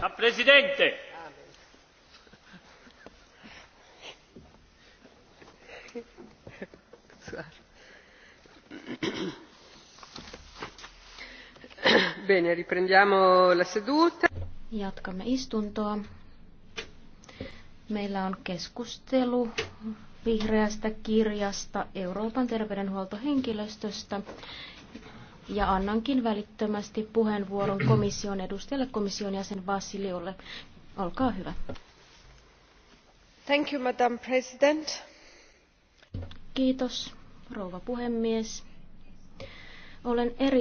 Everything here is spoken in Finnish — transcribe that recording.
Herr Präsident! Bene, riprendiamo la seduta. Jatkamme istuntoa. Meillä on keskustelu vihreästä kirjasta Euroopan terveydenhuoltohenkilöstöstä ja annankin välittömästi puheenvuoron komission edustajalle, komission jäsen Vassiliolle. Olkaa hyvä. Thank you, Madam President. Kiitos, rouva puhemies. Olen eri